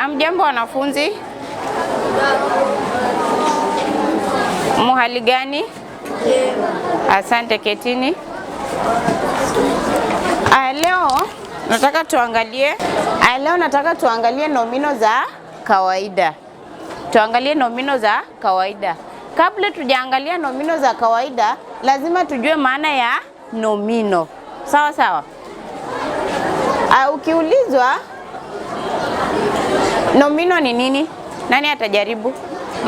Amjambo wanafunzi, muhali gani? Asante, ketini. A, ah, leo nataka tuangalie A, ah, leo nataka tuangalie nomino za kawaida, tuangalie nomino za kawaida. Kabla tujaangalia nomino za kawaida, lazima tujue maana ya nomino, sawa sawa. A, ah, ukiulizwa Nomino ni nini? Nani atajaribu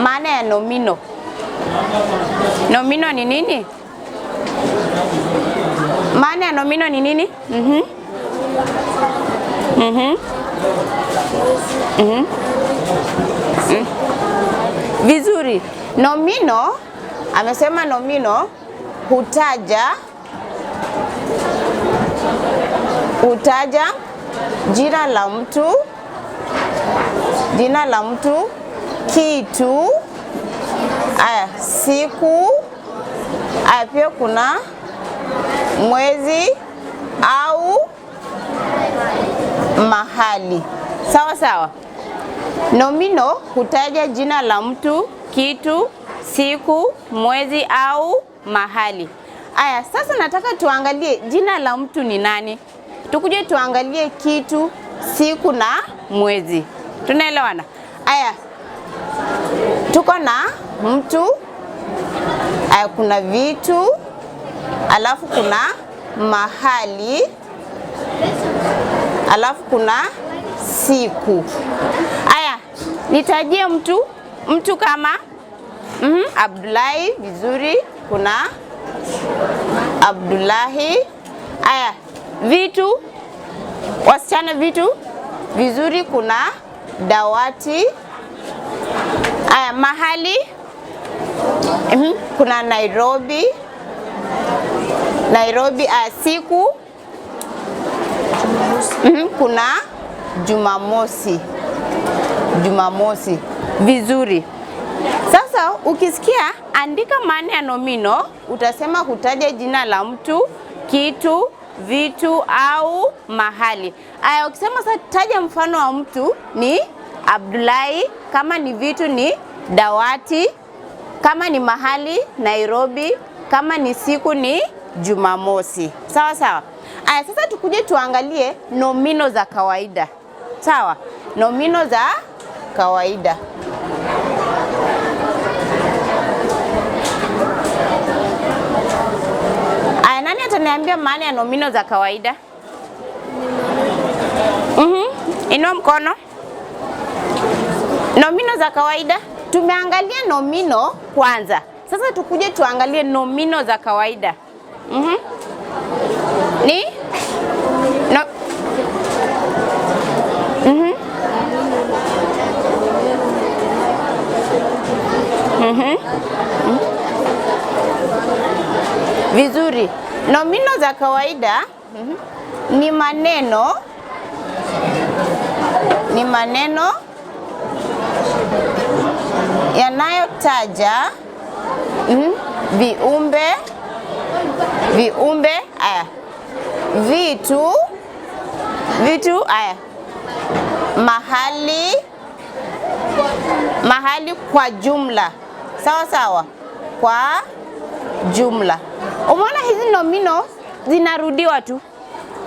maana ya nomino? Nomino ni nini? Maana ya nomino ni nini? Mhm. Mhm. Mhm. Mm. Vizuri. Nomino amesema nomino hutaja hutaja jina la mtu jina la mtu, kitu, aya, siku, aya, pia kuna mwezi au mahali. Sawa sawa. Nomino hutaja jina la mtu, kitu, siku, mwezi au mahali. Aya, sasa nataka tuangalie jina la mtu ni nani. Tukuje tuangalie kitu, siku na mwezi. Tunaelewana? Aya, tuko na mtu, aya, kuna vitu, alafu kuna mahali, alafu kuna siku. Aya, nitajie mtu mtu kama mm -hmm, Abdullahi. Vizuri, kuna Abdullahi. Aya, vitu, wasichana, vitu. Vizuri, kuna dawati aya, mahali -hmm. Kuna Nairobi, Nairobi aya, siku -hmm. Kuna Jumamosi, Jumamosi. Vizuri. Sasa ukisikia andika maana ya nomino, utasema kutaja jina la mtu, kitu vitu au mahali. Aya, ukisema sasa, taja mfano wa mtu ni Abdullahi, kama ni vitu ni dawati, kama ni mahali Nairobi, kama ni siku ni Jumamosi. Sawa sawa. Aya, sasa tukuje tuangalie nomino za kawaida. Sawa, nomino za kawaida. Uniambia maana ya nomino za kawaida. Mm-hmm. Inua mkono. Nomino za kawaida. Tumeangalia nomino kwanza. Sasa tukuje tuangalie nomino za kawaida. Mm-hmm. Ni no... mm Mm-hmm. Mm-hmm. Vizuri. Nomino za kawaida mm -hmm. ni maneno ni maneno yanayotaja mm, viumbe viumbe aya vitu vitu aya mahali mahali kwa jumla sawa sawa, kwa jumla Umeona hizi nomino zinarudiwa tu.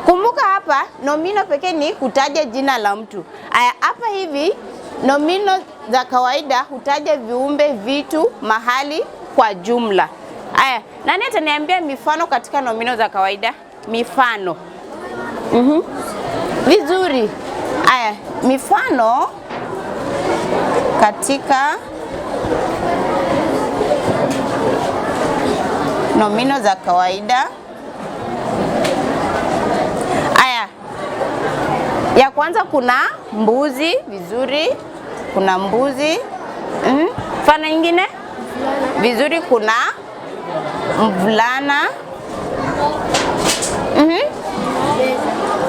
Kumbuka hapa nomino pekee ni hutaja jina la mtu. Aya, hapa hivi nomino za kawaida hutaja viumbe, vitu, mahali kwa jumla. Aya, nani ataniambia mifano katika nomino za kawaida? Mifano. Mm-hmm. Vizuri. Aya, mifano katika nomino za kawaida. Aya, ya kwanza kuna mbuzi, vizuri, kuna mbuzi mm. Mfano nyingine vizuri, kuna mvulana mm -hmm.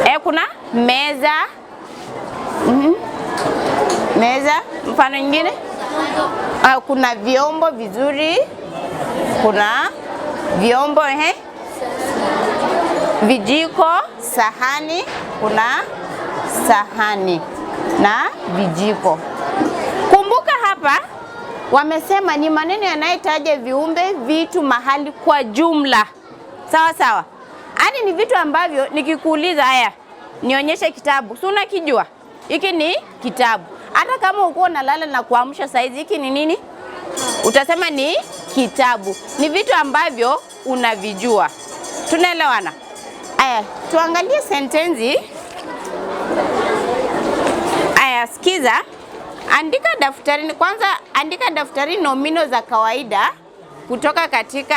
E, kuna meza mm -hmm. Meza. Mfano nyingine, ah, kuna vyombo vizuri, kuna vyombo ehe, vijiko, sahani. Kuna sahani na vijiko. Kumbuka hapa wamesema ni maneno yanayotaja viumbe, vitu, mahali kwa jumla, sawa sawa. Yaani ni vitu ambavyo nikikuuliza, haya, nionyeshe kitabu, si unakijua hiki ni kitabu. Hata kama ukuwa unalala na kuamsha saizi, hiki ni nini? Utasema ni kitabu. Ni vitu ambavyo unavijua, tunaelewana. Aya, tuangalie sentensi. Aya, sikiza, andika daftarini kwanza, andika daftarini nomino za kawaida kutoka katika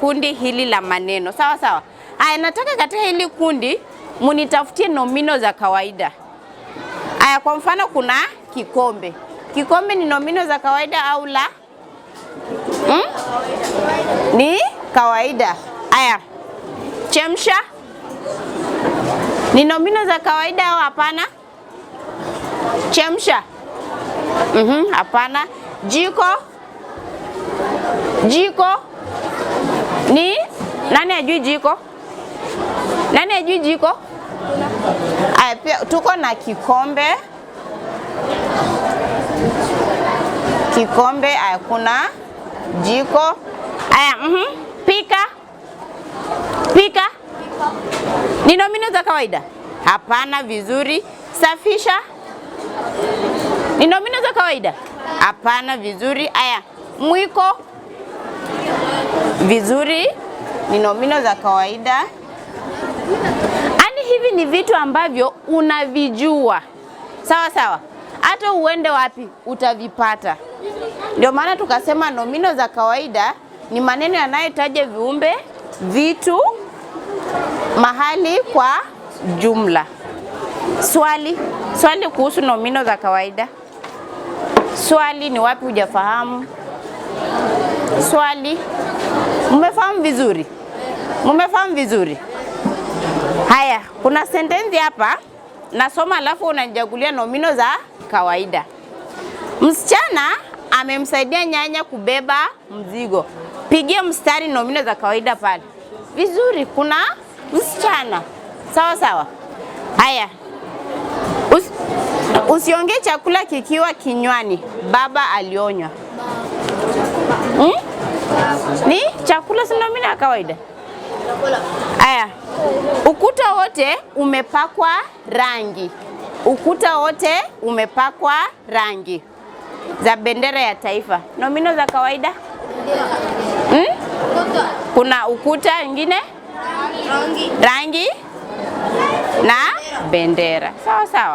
kundi hili la maneno, sawa sawa. Aya, nataka katika hili kundi munitafutie nomino za kawaida. Aya, kwa mfano kuna kikombe. Kikombe ni nomino za kawaida au la? mm? Ni kawaida. Aya, chemsha ni nomino za kawaida au hapana? Chemsha mhm, hapana. mm -hmm. Jiko, jiko ni nani ajui jiko? Nani ajui jiko? Aya, pia tuko na kikombe kikombe. Aya, kuna jiko aya, mm Pika pika ni nomino za kawaida? Hapana, vizuri. Safisha ni nomino za kawaida? Hapana, vizuri. Aya, mwiko vizuri, ni nomino za kawaida. Ani hivi ni vitu ambavyo unavijua sawa sawa, hata uende wapi utavipata. Ndio maana tukasema nomino za kawaida ni maneno yanayotaja viumbe, vitu, mahali kwa jumla. Swali, swali kuhusu nomino za kawaida. Swali, ni wapi hujafahamu? Swali, mmefahamu vizuri? Mmefahamu vizuri? Haya, kuna sentensi hapa nasoma, alafu unanijagulia nomino za kawaida. Msichana amemsaidia nyanya kubeba mzigo. Pigie mstari nomino za kawaida pale vizuri. Kuna msichana, sawa sawa. Haya, Us, usiongee chakula kikiwa kinywani, baba alionywa. Hmm? Ni chakula si nomino ya kawaida. Haya, ukuta wote umepakwa rangi. Ukuta wote umepakwa rangi za bendera ya taifa. Nomino za kawaida hmm? Kuna ukuta ingine rangi, rangi na bendera sawa sawa.